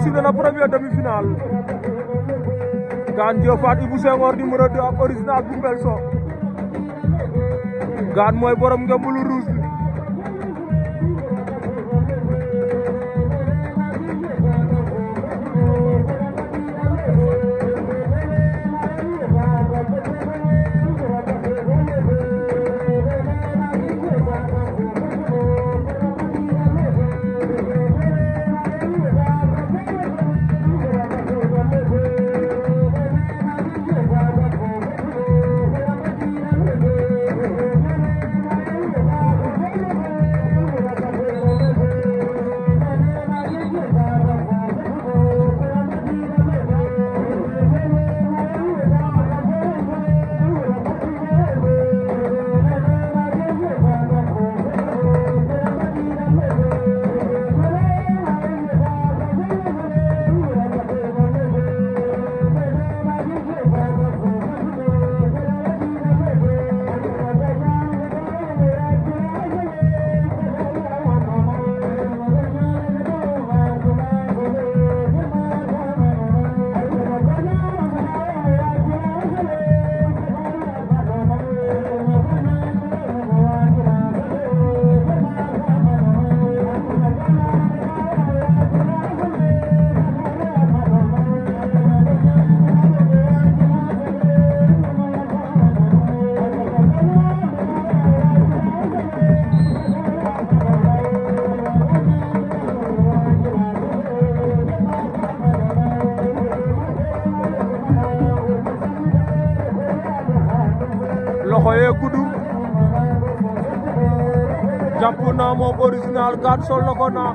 qualifié na première demi-finale Gane Diofane Ibou Senghor numéro 2 ak original bu Mbelso Gane mooy borom ngembulu rouge loxoye kudum jappu na mom original garso loxo na